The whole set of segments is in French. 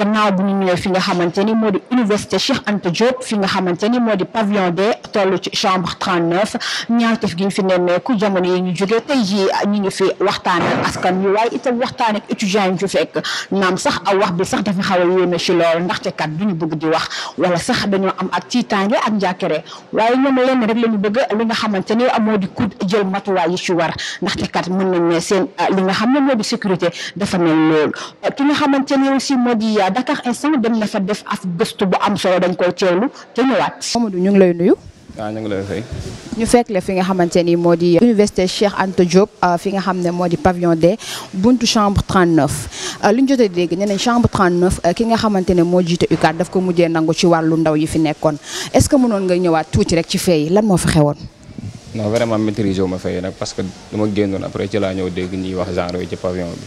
gannaaw bu ñu ñëwee fi nga xamante ni moo di université Cheikh nga xamante ni moo di pavillon D toll ci chambre 39 ñaawteef gi ñu naam sax a wax bi sax dafa xaw a yéeme ci lool ndaxte kat du ñu bëgg di wax wala sax dañoo am ak tiitaange ak njàkkere waaye ñoom lenn rek la ñu bëgg li nga xamante ni moo di ku jël matuwaay yi ci war ndaxte kat mën nañ ne seen li nga xam ne moo di sécurité dafa mel lool Dakar instant dem na fa def as gëstu bu am solo dañ ko teewlu te ñëwaat. Amadou ñu ngi lay nuyu. ah ñu ngi lay fay. ñu fekk le fi nga xamanteni modi université Cheikh Anta Diop euh, fi nga xam modi pavillon D buntu chambre 39 liñ jotté dégg nee chambre 39 euh, ki nga xamanteni ne moo jiite UCAD daf ko mujjé nangu ci walu ndaw yi fi nekkoon est-ce que mënoon nga ñëwaat tuuti rek ci fay lan mo fi xewoon. non vraiment maîtriser wu ma fay nak parce que dama génnoon après ci la ñëw dégg ñuy wax genre ci pavillon bi.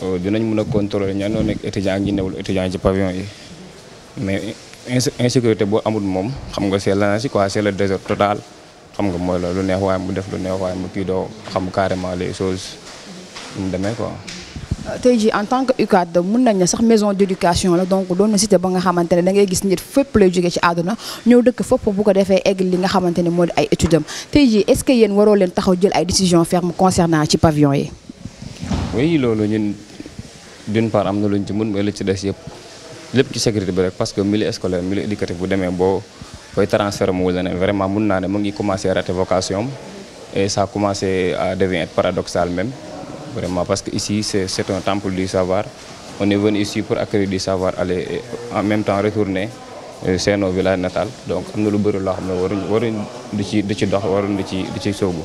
Euh, dinañ mëna contrôler ñaan noo étudiant gi ñi newul étudiant ci pavillon yi mais insécurité bo amul mom xam nga c'est l'anarchie quoi c'est le désordre total xam nga moy lu neex way mu def lu neex way mu ki do xam carrément les choses mu demee quoi. Euh, tay ji en tant que UCAD mun nañ sax maison d'éducation la donc doon na cité ba nga xamante da ngay gis nit fépp lay jógee ci aduna ñeu dëkk fépp bu ko défé egg li nga xamante modi ay études tay ji est-ce que yéen waro leen taxaw jël ay décisions fermes concernant ci pavillon yi. oui loolu ñun d'une part nous avons mais parce que milieu scolaire milieu éducatif bu vraiment vocation et ça a commencé à devenir paradoxal même vraiment parce que ici c'est un temple du savoir on est venu ici pour accueillir du savoir aller en même temps retourner euh, nos village natales. donc nous nous lu bëri de nous nous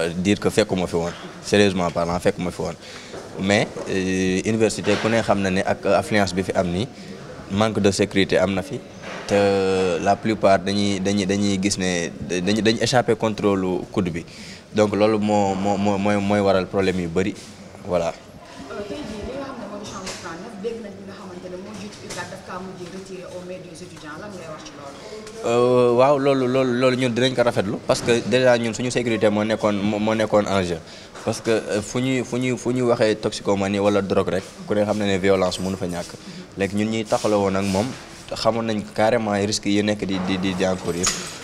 Euh, dire que fekkuma fi woon sérieusement parlant fekkuma fi woon mais euh, université ku ne xam na ne ak affluence bi fi am manque de sécurité am la plupart dañuy dañuy dañuy gis ne dañuy dañuy échappé contrôle coude bi donc loolu moo moo moo mooy waral problème yu voilà. dégg nañ loolu. Euh, waaw loolu loolu ñun dinañ ko rafetlu parce que déjà ñun suñu sécurité moo nekkoon moo nekkoon en jeu parce que euh, fu ñuy fu ñuy fu ñuy waxee toxicomanie wala drogue rek ku ne xam ne ne violence mënu fa ñàkk léegi ñun ñuy taxawal woon ak moom xamoon nañ carrément risques yi nekk di di di di encourir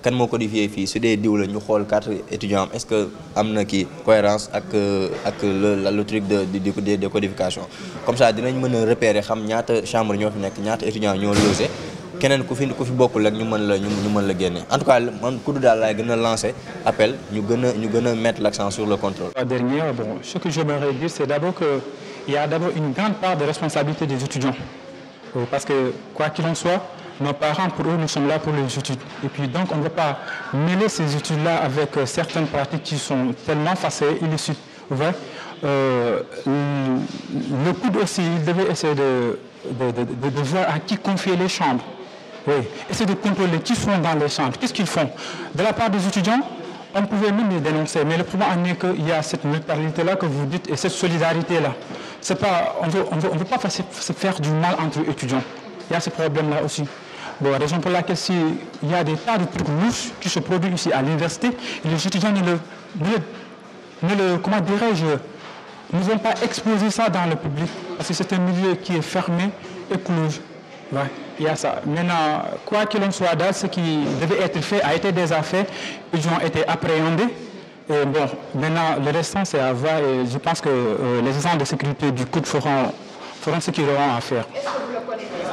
kan on codifié les su des diw la ñu xool quatre étudiants. est-ce que y a cohérence avec ak le le truc de de de codification comme ça dinañ mën a repérer xam ñaata chambre ñoo fi nekk ñaata étudiant ñoo logé keneen ku fi ku fi bokkul ak ñu ñu en tout cas man kudd daal laay gën a lancer appel ñu gën ñu mettre l'accent sur le contrôle. La bon ce que je j'aimerais dire c'est d'abord que il y a d'abord une grande part de responsabilité des étudiants euh, parce que quoi qu'il en soit nos parents, pour eux, nous sommes là pour les études. Et puis donc, on ne veut pas mêler ces études-là avec euh, certaines pratiques qui sont tellement facées, illicites. Ouais. Euh, le coude aussi, il devait essayer de, voir à qui confier les chambres. Oui. Essayer de contrôler qui sont dans les chambres, qu'est-ce qu'ils font. De la part des étudiants, on pouvait même les dénoncer, mais le problème est qu'il y a cette neutralité-là que vous dites et cette solidarité-là. on ne veut, pas se faire du mal entre étudiants. Il y a ce problème-là aussi. Bon, raison pour laquelle s'il il y a des tas de trucs louches qui se produisent ici à l'université, les étudiants ne le, ne le comment dirais-je, nous ont pas exposé ça dans le public, parce que c'est un milieu qui est fermé et close. il y a ça. Maintenant, quoi qu'il en soit, ce qui devait être fait a été déjà fait. Ils ont été appréhendés. Et bon, maintenant, le restant, c'est à voir. Et je pense que euh, les agents de sécurité du coup feront, feront ce qu'ils auront à faire. Est-ce que vous le connaissez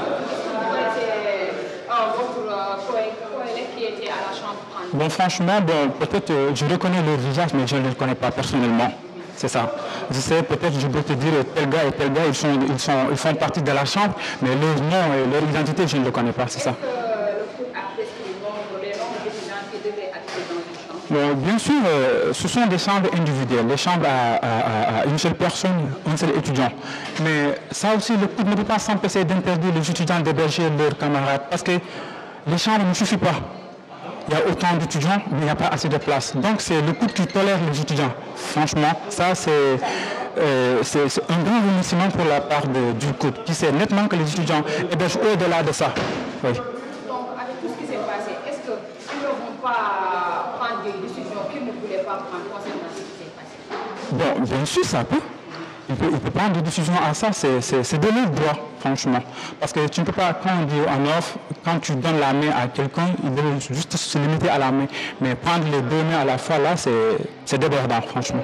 Bon, franchement, peut-être euh, je reconnais leur visage, mais je ne le connais pas personnellement. C'est ça. Je sais, peut-être je peux te dire tel gars et tel gars, ils, sont, ils, font partie de la chambre, mais leur nom et leur identité, je ne le connais pas, c'est ça. bien sûr, euh, ce sont des chambres individuelles, les chambres à, une seule personne, un seul étudiant. Mais ça aussi, le coup ne peut pas s'empêcher d'interdire les étudiants d'héberger leurs camarades parce que les chambres ne suffisent pas. Il y a autant d'étudiants, mais il n'y a pas assez de place. Donc c'est le coup qui tolère les étudiants. Franchement, ça c'est euh, un grand remerciement pour la part du coût, qui sait nettement que les étudiants hébergent au-delà de ça. Donc avec tout ce qui s'est passé, est-ce qu'ils ne vont pas prendre des décisions qu'ils ne voulaient pas prendre concernant ce qui passé Bon, bien sûr, ça peut. Il peut, prendre des décisions à ça, c'est de leur droit franchement. Parce que tu ne peux pas, quand on en offre, quand tu donnes la main à quelqu'un, il doit juste se limiter à la main. Mais prendre les deux mains à la fois, là, c'est débordant, franchement.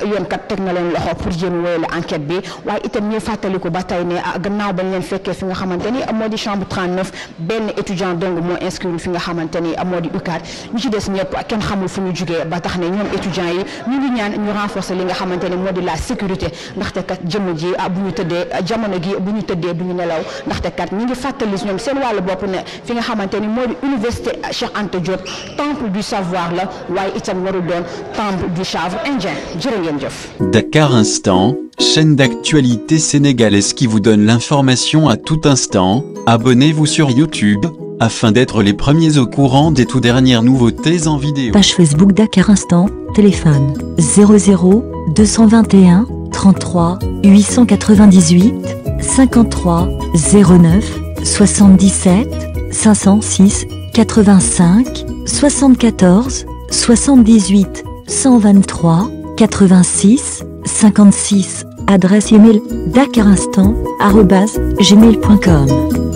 yoon kat tek na leen loxo pour jéem wéyale enquête bi waaye itam ñu fatali ko tey ne ah, gannaaw bañ leen fekkee fi nga xamante ni moo chambre 39 benn étudiant dong moo inscrit fi nga xamante ni moo di ñu ci des ñëpp ken xamul fu ñu jugee ba tax ne ñoom étudiants yi ñu ngi ñaan ñu renforcer li nga xamante ni moo la sécurité ndaxte kat jëmm ji ah, bu ñu tëddee ah, jamono gi bu ñu tëddee du ñu nelaw ndaxte kat ñu ngi fàttali ñoom seen wàllu bopp ne fi nga xamante ni moo di université Cheikh Anta Diop temple du savoir la waaye itam waru don temple du chanvre indien jërë Dakar Instant, chaîne d'actualité sénégalaise qui vous donne l'information à tout instant. Abonnez-vous sur YouTube afin d'être les premiers au courant des tout dernières nouveautés en vidéo. Page Facebook Dakar Instant, téléphone 00 221 33 898 53 09 77 506 85 74 78 123 86 56 adresse email dakarinstant@gmail.com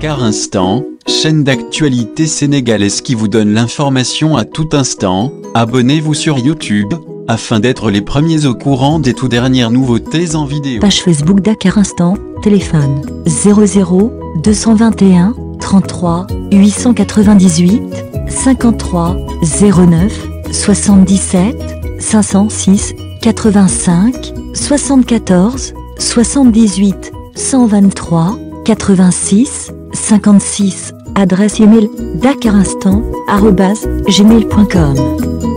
Car Instant, chaîne d'actualité sénégalaise qui vous donne l'information à tout instant, abonnez-vous sur YouTube, afin d'être les premiers au courant des tout dernières nouveautés en vidéo. Page Facebook Dakar Instant, téléphone 00 221 33 898 53 09 77 506 85 74 78 123 86 56, adresse email dakarinstant.gmail.com